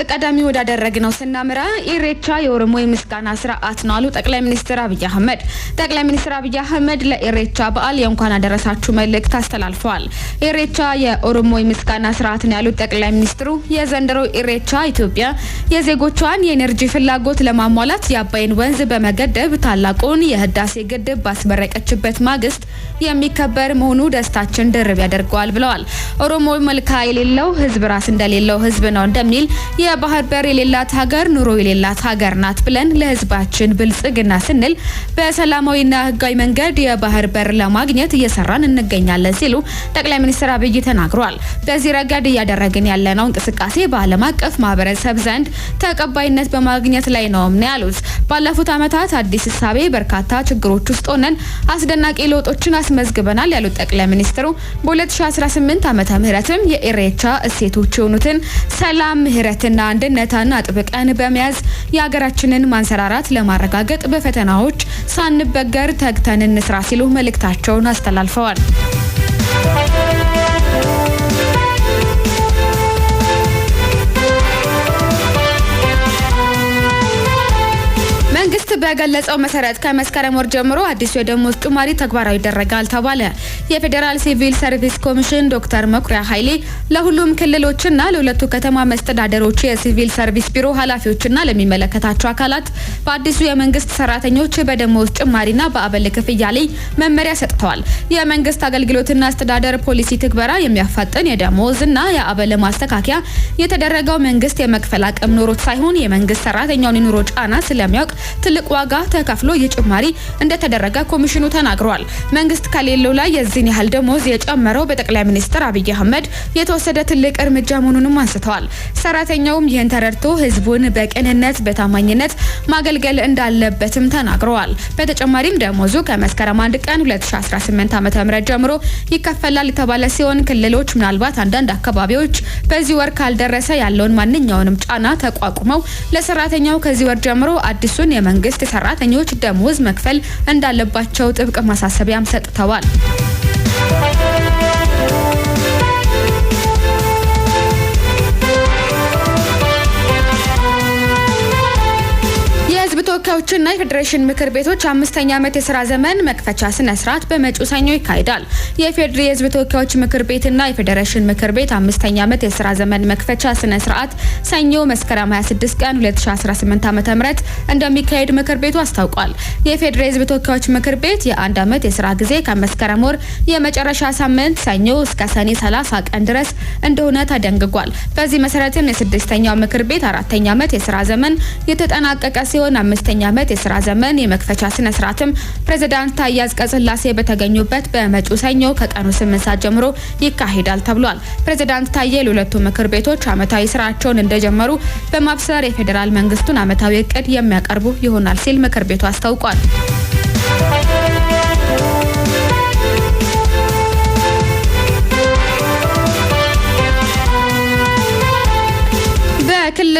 ምርጥ ቀዳሚ ወዳደረግ ነው ስናምራ ኢሬቻ የኦሮሞ የምስጋና ስርዓት ነው አሉ ጠቅላይ ሚኒስትር አብይ አህመድ። ጠቅላይ ሚኒስትር አብይ አህመድ ለኢሬቻ በዓል የእንኳን አደረሳችሁ መልእክት አስተላልፈዋል። ኢሬቻ የኦሮሞ የምስጋና ስርዓት ነው ያሉት ጠቅላይ ሚኒስትሩ የዘንድሮ ኢሬቻ ኢትዮጵያ የዜጎቿን የኤነርጂ ፍላጎት ለማሟላት የአባይን ወንዝ በመገደብ ታላቁን የህዳሴ ግድብ ባስመረቀችበት ማግስት የሚከበር መሆኑ ደስታችን ድርብ ያደርገዋል ብለዋል። ኦሮሞ መልካ የሌለው ህዝብ ራስ እንደሌለው ህዝብ ነው እንደሚል የባህር በር የሌላት ሀገር ኑሮ የሌላት ሀገር ናት ብለን ለህዝባችን ብልጽግና ስንል በሰላማዊና ህጋዊ መንገድ የባህር በር ለማግኘት እየሰራን እንገኛለን ሲሉ ጠቅላይ ሚኒስትር አብይ ተናግረዋል። በዚህ ረገድ እያደረግን ያለነው እንቅስቃሴ በዓለም አቀፍ ማህበረሰብ ዘንድ ተቀባይነት በማግኘት ላይ ነውም ነው ያሉት። ባለፉት ዓመታት አዲስ እሳቤ በርካታ ችግሮች ውስጥ ሆነን አስደናቂ ለውጦችን አስመዝግበናል ያሉት ጠቅላይ ሚኒስትሩ በ2018 ዓመተ ምህረትም የኢሬቻ እሴቶች የሆኑትን ሰላም፣ ምህረትና አንድነትን አጥብቀን በመያዝ የሀገራችንን ማንሰራራት ለማረጋገጥ በፈተናዎች ሳንበገር ተግተን እንስራ ሲሉ መልእክታቸውን አስተላልፈዋል። መንግስት በገለጸው መሰረት ከመስከረም ወር ጀምሮ አዲሱ የደሞዝ ጭማሪ ተግባራዊ ይደረጋል ተባለ። የፌዴራል ሲቪል ሰርቪስ ኮሚሽን ዶክተር መኩሪያ ኃይሌ ለሁሉም ክልሎችና ለሁለቱ ከተማ መስተዳደሮች የሲቪል ሰርቪስ ቢሮ ኃላፊዎችና ለሚመለከታቸው አካላት በአዲሱ የመንግስት ሰራተኞች በደሞዝ ጭማሪና በአበል ክፍያ ላይ መመሪያ ሰጥተዋል። የመንግስት አገልግሎትና አስተዳደር ፖሊሲ ትግበራ የሚያፋጥን የደሞዝና የአበል ማስተካከያ የተደረገው መንግስት የመክፈል አቅም ኖሮት ሳይሆን የመንግስት ሰራተኛውን የኑሮ ጫና ስለሚያውቅ ትልቅ ትልቅ ዋጋ ተከፍሎ ይህ ጭማሪ እንደተደረገ ኮሚሽኑ ተናግሯል። መንግስት ከሌለው ላይ የዚህን ያህል ደሞዝ የጨመረው በጠቅላይ ሚኒስትር አብይ አህመድ የተወሰደ ትልቅ እርምጃ መሆኑንም አንስተዋል። ሰራተኛውም ይህን ተረድቶ ህዝቡን በቅንነት በታማኝነት ማገልገል እንዳለበትም ተናግረዋል። በተጨማሪም ደሞዙ ከመስከረም አንድ ቀን 2018 ዓ.ም ጀምሮ ይከፈላል የተባለ ሲሆን ክልሎች ምናልባት አንዳንድ አካባቢዎች በዚህ ወር ካልደረሰ ያለውን ማንኛውንም ጫና ተቋቁመው ለሰራተኛው ከዚህ ወር ጀምሮ አዲሱን የመንግስት መንግስት ሰራተኞች ደሞዝ መክፈል እንዳለባቸው ጥብቅ ማሳሰቢያም ሰጥተዋል። የኮሚቴዎችና የፌዴሬሽን ምክር ቤቶች አምስተኛ ዓመት የስራ ዘመን መክፈቻ ስነ ስርዓት በመጪው ሰኞ ይካሄዳል። የፌዴሪ የህዝብ ተወካዮች ምክር ቤትና የፌዴሬሽን ምክር ቤት አምስተኛ ዓመት የስራ ዘመን መክፈቻ ስነ ስርዓት ሰኞ መስከረም 26 ቀን 2018 ዓ.ም እንደሚካሄድ ምክር ቤቱ አስታውቋል። የፌዴሪ የህዝብ ተወካዮች ምክር ቤት የአንድ ዓመት የስራ ጊዜ ከመስከረም ወር የመጨረሻ ሳምንት ሰኞ እስከ ሰኔ 30 ቀን ድረስ እንደሆነ ተደንግጓል። በዚህ መሰረትም የስድስተኛው ምክር ቤት አራተኛ ዓመት የስራ ዘመን የተጠናቀቀ ሲሆን አምስተኛ የአምስተኛ ዓመት የስራ ዘመን የመክፈቻ ስነ ስርዓትም ፕሬዝዳንት ታዬ አጽቀሥላሴ በተገኙበት በመጪው ሰኞ ከቀኑ ስምንት ሰዓት ጀምሮ ይካሄዳል ተብሏል። ፕሬዝዳንት ታዬ ለሁለቱ ምክር ቤቶች ዓመታዊ ስራቸውን እንደጀመሩ በማብሰር የፌዴራል መንግስቱን ዓመታዊ እቅድ የሚያቀርቡ ይሆናል ሲል ምክር ቤቱ አስታውቋል።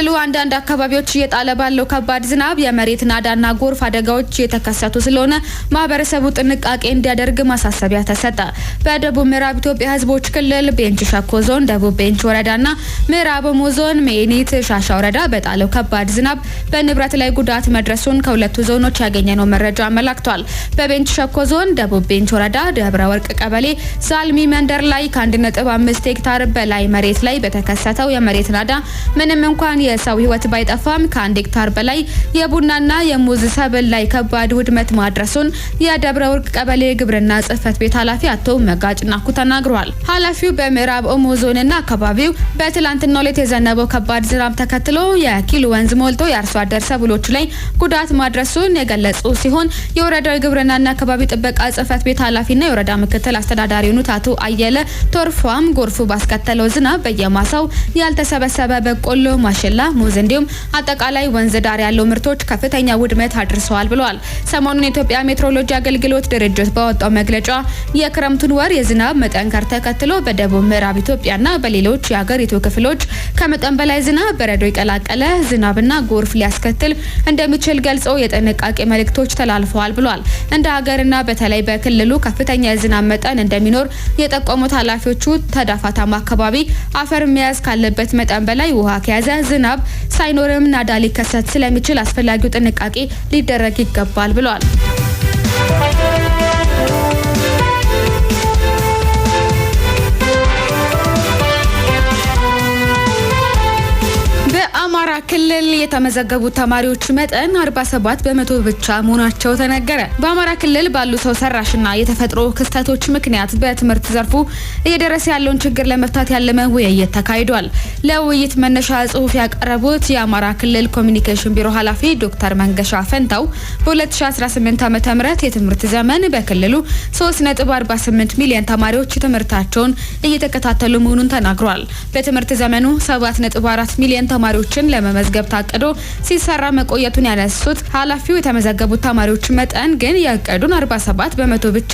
በክልሉ አንዳንድ አካባቢዎች እየጣለ ባለው ከባድ ዝናብ የመሬት ናዳና ጎርፍ አደጋዎች የተከሰቱ ስለሆነ ማህበረሰቡ ጥንቃቄ እንዲያደርግ ማሳሰቢያ ተሰጠ። በደቡብ ምዕራብ ኢትዮጵያ ህዝቦች ክልል ቤንች ሸኮ ዞን፣ ደቡብ ቤንች ወረዳና ምዕራብ ኦሞ ዞን ሜኒት ሻሻ ወረዳ በጣለው ከባድ ዝናብ በንብረት ላይ ጉዳት መድረሱን ከሁለቱ ዞኖች ያገኘነው መረጃ አመላክቷል። በቤንች ሸኮ ዞን ደቡብ ቤንች ወረዳ ደብረ ወርቅ ቀበሌ ዛልሚ መንደር ላይ ከ1.5 ሄክታር በላይ መሬት ላይ በተከሰተው የመሬት ናዳ ምንም እንኳን የሰው ህይወት ባይጠፋም ከአንድ ሄክታር በላይ የቡናና የሙዝ ሰብል ላይ ከባድ ውድመት ማድረሱን የደብረ ወርቅ ቀበሌ ግብርና ጽህፈት ቤት ኃላፊ አቶ ናኩ ተናግሯል። ኃላፊው በምዕራብ ኦሞ ዞንና አካባቢው በትላንትናው ዕለት የዘነበው ከባድ ዝናብ ተከትሎ የኪሉ ወንዝ ሞልቶ የአርሶ አደር ሰብሎች ላይ ጉዳት ማድረሱን የገለጹ ሲሆን የወረዳው የግብርናና አካባቢ ጥበቃ ጽህፈት ቤት ኃላፊና የወረዳ ምክትል አስተዳዳሪ የሆኑት አቶ አየለ ቶርፏም ጎርፉ ባስከተለው ዝናብ በየማሳው ያልተሰበሰበ በቆሎ ማሸ ማሽላ፣ ሙዝ እንዲሁም አጠቃላይ ወንዝ ዳር ያለው ምርቶች ከፍተኛ ውድመት አድርሰዋል ብለዋል። ሰሞኑን የኢትዮጵያ ሜትሮሎጂ አገልግሎት ድርጅት በወጣው መግለጫ የክረምቱን ወር የዝናብ መጠንከር ተከትሎ በደቡብ ምዕራብ ኢትዮጵያና በሌሎች የሀገሪቱ ክፍሎች ከመጠን በላይ ዝናብ፣ በረዶ የቀላቀለ ዝናብና ጎርፍ ሊያስከትል እንደሚችል ገልጸው የጥንቃቄ መልእክቶች ተላልፈዋል ብሏል። እንደ ሀገርና በተለይ በክልሉ ከፍተኛ የዝናብ መጠን እንደሚኖር የጠቆሙት ኃላፊዎቹ ተዳፋታማ አካባቢ አፈር መያዝ ካለበት መጠን በላይ ውሃ ከያዘ ዝናብ ሳይኖርም ናዳ ሊከሰት ስለሚችል አስፈላጊው ጥንቃቄ ሊደረግ ይገባል ብሏል። ክልል የተመዘገቡ ተማሪዎች መጠን 47 በመቶ ብቻ መሆናቸው ተነገረ። በአማራ ክልል ባሉ ሰው ሰራሽና የተፈጥሮ ክስተቶች ምክንያት በትምህርት ዘርፉ እየደረሰ ያለውን ችግር ለመፍታት ያለመ ውይይት ተካሂዷል። ለውይይት መነሻ ጽሁፍ ያቀረቡት የአማራ ክልል ኮሚኒኬሽን ቢሮ ኃላፊ ዶክተር መንገሻ ፈንታው በ2018 ዓ ም የትምህርት ዘመን በክልሉ 3.48 ሚሊዮን ተማሪዎች ትምህርታቸውን እየተከታተሉ መሆኑን ተናግሯል። በትምህርት ዘመኑ 7.4 ሚሊዮን ተማሪዎችን ለመመ ለመመዝገብ ታቅዶ ሲሰራ መቆየቱን ያነሱት ኃላፊው የተመዘገቡት ተማሪዎች መጠን ግን የእቅዱን 47 በመቶ ብቻ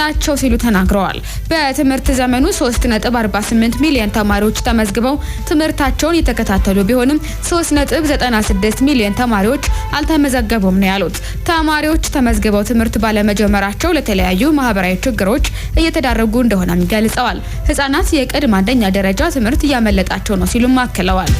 ናቸው ሲሉ ተናግረዋል። በትምህርት ዘመኑ 3.48 ሚሊዮን ተማሪዎች ተመዝግበው ትምህርታቸውን የተከታተሉ ቢሆንም 3.96 ሚሊዮን ተማሪዎች አልተመዘገቡም ነው ያሉት። ተማሪዎች ተመዝግበው ትምህርት ባለመጀመራቸው ለተለያዩ ማህበራዊ ችግሮች እየተዳረጉ እንደሆነም ገልጸዋል። ህጻናት የቅድመ አንደኛ ደረጃ ትምህርት እያመለጣቸው ነው ሲሉም አክለዋል።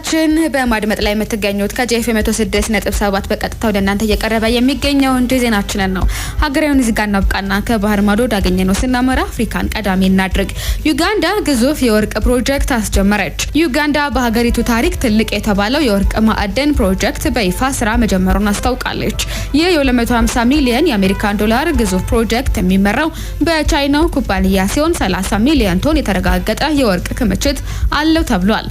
ዝግጅታችን በማድመጥ ላይ የምትገኙት ከጄፍ 106.7 በቀጥታ ወደ እናንተ እየቀረበ የሚገኘው እንደ ዜናችንን ነው። ሀገራዊን እዚህ ጋር እናብቃና ከባህር ማዶ ነው ስናመራ አፍሪካን ቀዳሚ እናድርግ። ዩጋንዳ ግዙፍ የወርቅ ፕሮጀክት አስጀመረች። ዩጋንዳ በሀገሪቱ ታሪክ ትልቅ የተባለው የወርቅ ማዕደን ፕሮጀክት በይፋ ስራ መጀመሩን አስታውቃለች። ይህ የ250 ሚሊዮን የአሜሪካን ዶላር ግዙፍ ፕሮጀክት የሚመራው በቻይናው ኩባንያ ሲሆን 30 ሚሊዮን ቶን የተረጋገጠ የወርቅ ክምችት አለው ተብሏል።